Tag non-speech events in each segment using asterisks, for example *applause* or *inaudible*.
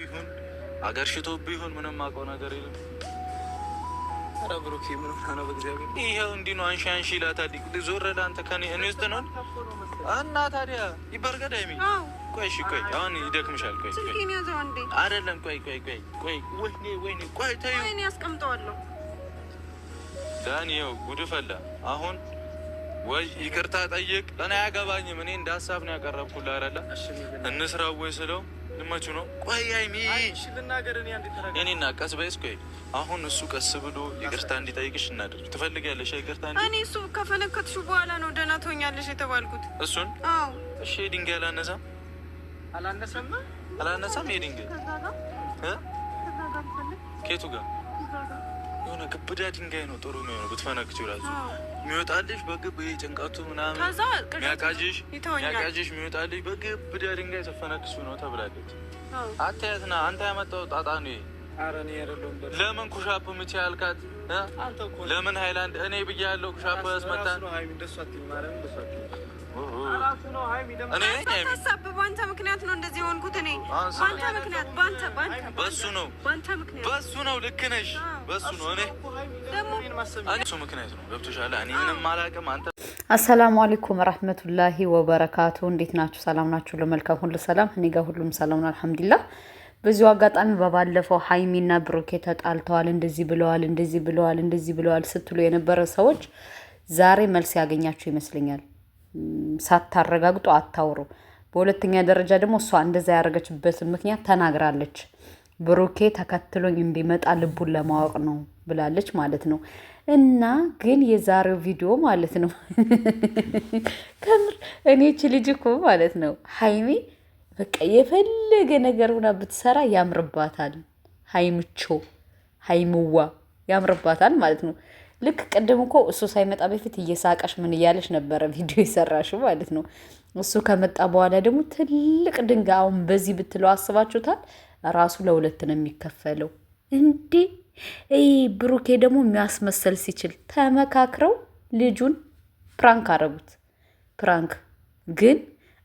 ይሁን አገር ሽቶብህ ይሁን ምንም አውቀው ነገር የለም። ኧረ ብሩኬ ምን ሆነህ ነው? በእግዚአብሔር ይኸው እንዲህ ነው። አንሺ አንሺ ይላታል። ዞር ለአንተ ከእኔ እኔ ውስጥ ነው እና ታዲያ ይበርገዳ የሚ ቆይ እሺ ቆይ አሁን ይደክምሻል። ቆይ አይደለም ቆይ ቆይ ቆይ ቆይ ወይኔ ወይኔ ቆይ ተይው ዳኒ ይኸው ጉድ ፈላ አሁን ወይ ይቅርታ ጠይቅ። እኔ አያገባኝም። እኔ እንደ ሀሳብ ነው ያቀረብኩላ አይደለ? እንስራው ወይ ስለው ልመቹ ነው። ቆይ ሀይሚ እኔና ቀስ በይስ። ቆይ አሁን እሱ ቀስ ብሎ ይቅርታ እንዲጠይቅሽ እናድርግ። ትፈልጊያለሽ? ይቅርታ እኔ እሱ ከፈለከትሹ በኋላ ነው ደህና ትሆኛለሽ የተባልኩት። እሱን አዎ፣ እሺ። የድንጋይ አላነሳም አላነሳም አላነሳም። ይሄ የድንጋይ ከየቱ ጋር የሆነ ግብዳ ድንጋይ ነው ጥሩ ነው ብትፈነክችው ራሱ የሚወጣልሽ በግብ ይሄ ጭንቀቱ ምናምን ሚያቃዥሽ ሚያቃዥሽ የሚወጣልሽ በግብዳ ድንጋይ ተፈነክሱ ነው ተብላለች። አታያትና አንተ ያመጣው ጣጣ ነው። ለምን ኩሻፕ ምቼ ያልካት ለምን ሃይላንድ እኔ ብዬ ያለው ኩሻፕ ያስመጣን እኔ ታሳብ በአንተ ምክንያት ነው እንደዚህ የሆንኩት። እኔ በአንተ ምክንያት በአንተ በአንተ ነው በአንተ ምክንያት ነው። ልክ ነሽ። ነው። እኔ እሱ ምክንያት ነው። ገብቶሻል። እኔ ምንም አላውቅም። አንተ አሰላሙ አለይኩም ረህመቱላሂ ወበረካቱ። እንዴት ናችሁ? ሰላም ናችሁ? ለመልካም ሁሉ ሰላም። እኔ ጋር ሁሉም ሰላም ነው፣ አልሐምዱሊላህ። በዚሁ አጋጣሚ በባለፈው ሀይሚና ብሩኬ ተጣልተዋል፣ እንደዚህ ብለዋል፣ እንደዚህ ብለዋል፣ እንደዚህ ብለዋል ስትሉ የነበረ ሰዎች ዛሬ መልስ ያገኛችሁ ይመስለኛል። ሳታረጋግጡ አታውሩ። በሁለተኛ ደረጃ ደግሞ እሷ እንደዛ ያደረገችበትን ምክንያት ተናግራለች። ብሩኬ ተከትሎኝ እንዲመጣ ልቡን ለማወቅ ነው ብላለች ማለት ነው። እና ግን የዛሬው ቪዲዮ ማለት ነው *laughs* ከምር እኔች ልጅ እኮ ማለት ነው ሀይሜ በቃ የፈለገ ነገር ሆና ብትሰራ ያምርባታል። ሀይምቾ ሀይምዋ ያምርባታል ማለት ነው። ልክ ቅድም እኮ እሱ ሳይመጣ በፊት እየሳቀሽ ምን እያለሽ ነበረ ቪዲዮ የሰራሽው ማለት ነው። እሱ ከመጣ በኋላ ደግሞ ትልቅ ድንጋይ አሁን በዚህ ብትለው አስባችሁታል። ራሱ ለሁለት ነው የሚከፈለው። እንዴ ብሩኬ ደግሞ የሚያስመሰል ሲችል ተመካክረው ልጁን ፕራንክ አረጉት። ፕራንክ ግን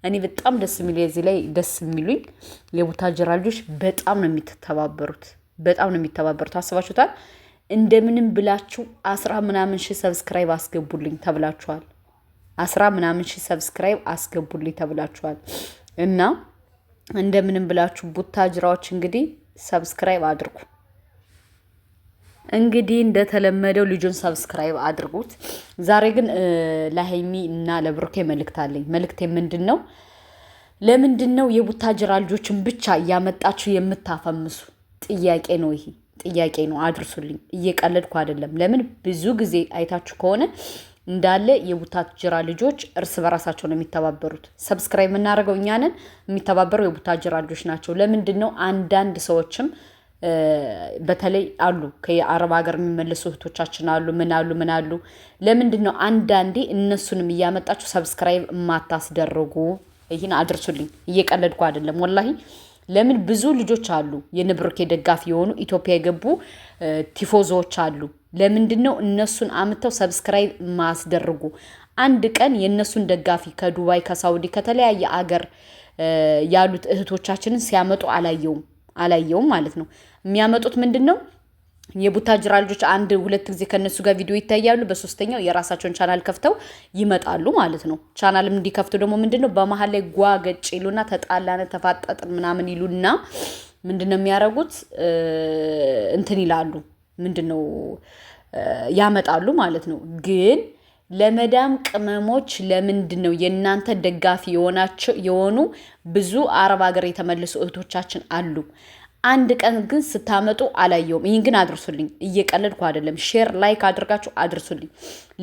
እኔ በጣም ደስ የሚሉ የዚህ ላይ ደስ የሚሉኝ የቡታጀራ ልጆች በጣም ነው የሚተባበሩት። በጣም ነው የሚተባበሩት። አስባችሁታል እንደምንም ብላችሁ አስራ ምናምን ሺህ ሰብስክራይብ አስገቡልኝ ተብላችኋል። አስራ ምናምን ሺህ ሰብስክራይብ አስገቡልኝ ተብላችኋል እና እንደምንም ብላችሁ ቡታጅራዎች እንግዲህ ሰብስክራይብ አድርጉ። እንግዲህ እንደተለመደው ልጁን ሰብስክራይብ አድርጉት። ዛሬ ግን ለሀይሚ እና ለብሩኬ መልእክት አለኝ። መልእክቴ ምንድን ነው? ለምንድን ነው የቡታጅራ ልጆችን ብቻ እያመጣችሁ የምታፈምሱ? ጥያቄ ነው ይሄ። ጥያቄ ነው። አድርሱልኝ፣ እየቀለድኩ አይደለም። ለምን ብዙ ጊዜ አይታችሁ ከሆነ እንዳለ የቡታጅራ ልጆች እርስ በራሳቸው ነው የሚተባበሩት። ሰብስክራይብ የምናደርገው እኛንን የሚተባበሩ የቡታጅራ ልጆች ናቸው። ለምንድን ነው አንዳንድ ሰዎችም በተለይ አሉ ከአረብ ሀገር የሚመለሱ እህቶቻችን አሉ። ምን አሉ ምን አሉ። ለምንድን ነው አንዳንዴ እነሱንም እያመጣችሁ ሰብስክራይብ የማታስደርጉ? ይህን አድርሱልኝ፣ እየቀለድኩ አይደለም ወላሂ ለምን ብዙ ልጆች አሉ፣ የንብሩኬ ደጋፊ የሆኑ ኢትዮጵያ የገቡ ቲፎዞዎች አሉ። ለምንድን ነው እነሱን አምተው ሰብስክራይብ ማስደርጉ? አንድ ቀን የእነሱን ደጋፊ ከዱባይ ከሳውዲ ከተለያየ አገር ያሉት እህቶቻችንን ሲያመጡ አላየውም አላየውም ማለት ነው። የሚያመጡት ምንድን ነው የቡታጅራ ልጆች አንድ ሁለት ጊዜ ከነሱ ጋር ቪዲዮ ይታያሉ። በሶስተኛው የራሳቸውን ቻናል ከፍተው ይመጣሉ ማለት ነው። ቻናልም እንዲከፍቱ ደግሞ ምንድነው በመሀል ላይ ጓገጭ ይሉና ተጣላነ ተፋጠጥ ምናምን ይሉና ነው የሚያደርጉት እንትን ይላሉ ምንድነው ያመጣሉ ማለት ነው። ግን ለመዳም ቅመሞች ለምንድን ነው የእናንተ ደጋፊ የሆኑ ብዙ አረብ ሀገር የተመለሱ እህቶቻችን አሉ። አንድ ቀን ግን ስታመጡ አላየውም። ይህን ግን አድርሱልኝ፣ እየቀለድኩ አይደለም። ሼር ላይክ አድርጋችሁ አድርሱልኝ።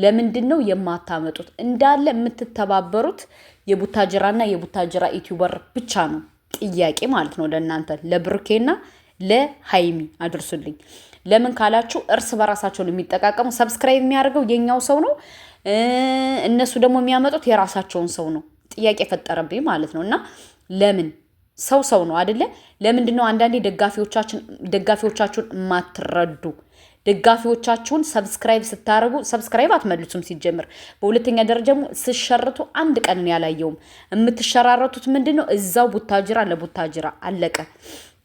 ለምንድን ነው የማታመጡት? እንዳለ የምትተባበሩት የቡታጅራና የቡታጅራ ዩቲዩበር ብቻ ነው። ጥያቄ ማለት ነው ለእናንተ ለብሩኬና ለሀይሚ አድርሱልኝ። ለምን ካላችሁ እርስ በራሳቸውን የሚጠቃቀሙ ሰብስክራይብ የሚያደርገው የኛው ሰው ነው፣ እነሱ ደግሞ የሚያመጡት የራሳቸውን ሰው ነው። ጥያቄ ፈጠረብኝ ማለት ነው እና ለምን ሰው ሰው ነው አደለ? ለምንድን ነው አንዳንዴ ደጋፊዎቻችሁን ማትረዱ? ደጋፊዎቻችሁን ሰብስክራይብ ስታደርጉ ሰብስክራይብ አትመልሱም። ሲጀምር በሁለተኛ ደረጃ ደግሞ ስሸርቱ አንድ ቀን ያላየውም የምትሸራረቱት ምንድን ነው? እዛው ቡታጅራ ለቡታጅራ አለቀ።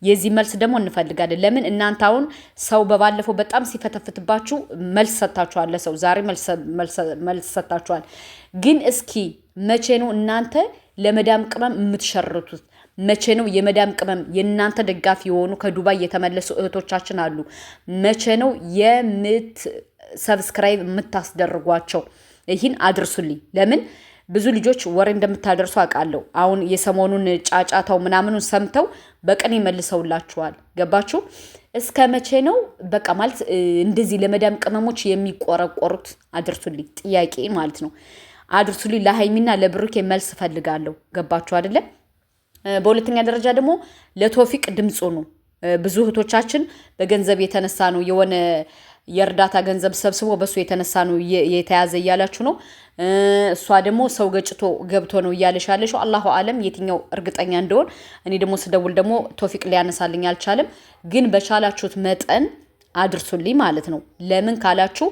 የዚህ መልስ ደግሞ እንፈልጋለን። ለምን እናንተ አሁን ሰው በባለፈው በጣም ሲፈተፍትባችሁ መልስ ሰጥታችኋል። ለሰው ዛሬ መልስ ሰጥታችኋል። ግን እስኪ መቼ ነው እናንተ ለመዳም ቅመም የምትሸርቱት? መቼ ነው የመዳም ቅመም የእናንተ ደጋፊ የሆኑ ከዱባይ የተመለሱ እህቶቻችን አሉ። መቼ ነው የምት ሰብስክራይብ የምታስደርጓቸው? ይህን አድርሱልኝ። ለምን ብዙ ልጆች ወሬ እንደምታደርሱ አውቃለሁ። አሁን የሰሞኑን ጫጫታው ምናምኑን ሰምተው በቀን ይመልሰውላችኋል። ገባችሁ? እስከ መቼ ነው በቃ ማለት እንደዚህ ለመዳም ቅመሞች የሚቆረቆሩት? አድርሱልኝ ጥያቄ ማለት ነው። አድርሱልኝ ለሀይሚና ለብሩኬ መልስ ፈልጋለሁ። ገባችሁ አይደለም? በሁለተኛ ደረጃ ደግሞ ለቶፊቅ ድምፁ ነው። ብዙ እህቶቻችን በገንዘብ የተነሳ ነው የሆነ የእርዳታ ገንዘብ ሰብስቦ በእሱ የተነሳ ነው የተያዘ እያላችሁ ነው። እሷ ደግሞ ሰው ገጭቶ ገብቶ ነው እያለሽ ያለሽ። አላሁ አለም የትኛው እርግጠኛ እንደሆን እኔ ደግሞ ስደውል ደግሞ ቶፊቅ ሊያነሳልኝ አልቻለም። ግን በቻላችሁት መጠን አድርሱልኝ ማለት ነው። ለምን ካላችሁ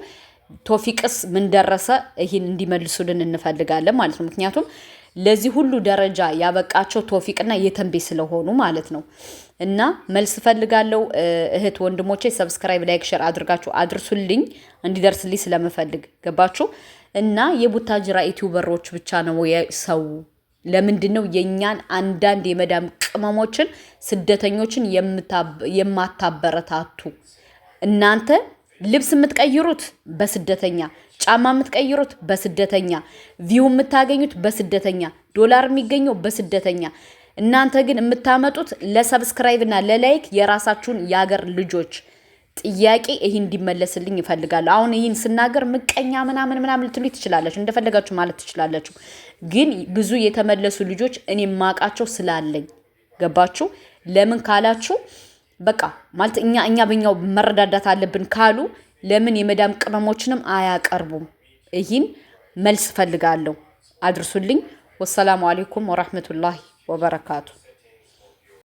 ቶፊቅስ ምን ደረሰ? ይህን እንዲመልሱልን እንፈልጋለን ማለት ነው። ምክንያቱም ለዚህ ሁሉ ደረጃ ያበቃቸው ቶፊቅና የተንቤ ስለሆኑ ማለት ነው። እና መልስ ፈልጋለው። እህት ወንድሞቼ፣ ሰብስክራይብ፣ ላይክ፣ ሸር አድርጋችሁ አድርሱልኝ እንዲደርስልኝ ስለምፈልግ ገባችሁ። እና የቡታጅራ ዩቲዩበሮች ብቻ ነው የሰው ለምንድን ነው የእኛን አንዳንድ የመዳም ቅመሞችን ስደተኞችን የማታበረታቱ እናንተ ልብስ የምትቀይሩት በስደተኛ፣ ጫማ የምትቀይሩት በስደተኛ፣ ቪው የምታገኙት በስደተኛ፣ ዶላር የሚገኘው በስደተኛ። እናንተ ግን የምታመጡት ለሰብስክራይብ እና ለላይክ የራሳችሁን የሀገር ልጆች ጥያቄ ይህ እንዲመለስልኝ ይፈልጋሉ። አሁን ይህን ስናገር ምቀኛ ምናምን ምናምን ልትሉ ትችላላችሁ፣ እንደፈለጋችሁ ማለት ትችላላችሁ። ግን ብዙ የተመለሱ ልጆች እኔ ማቃቸው ስላለኝ ገባችሁ ለምን ካላችሁ በቃ ማለት እኛ እኛ በኛው መረዳዳት አለብን ካሉ ለምን የመዳም ቅመሞችንም አያቀርቡም? ይህን መልስ ፈልጋለሁ። አድርሱልኝ። ወሰላሙ አሌይኩም ወራህመቱላሂ ወበረካቱ።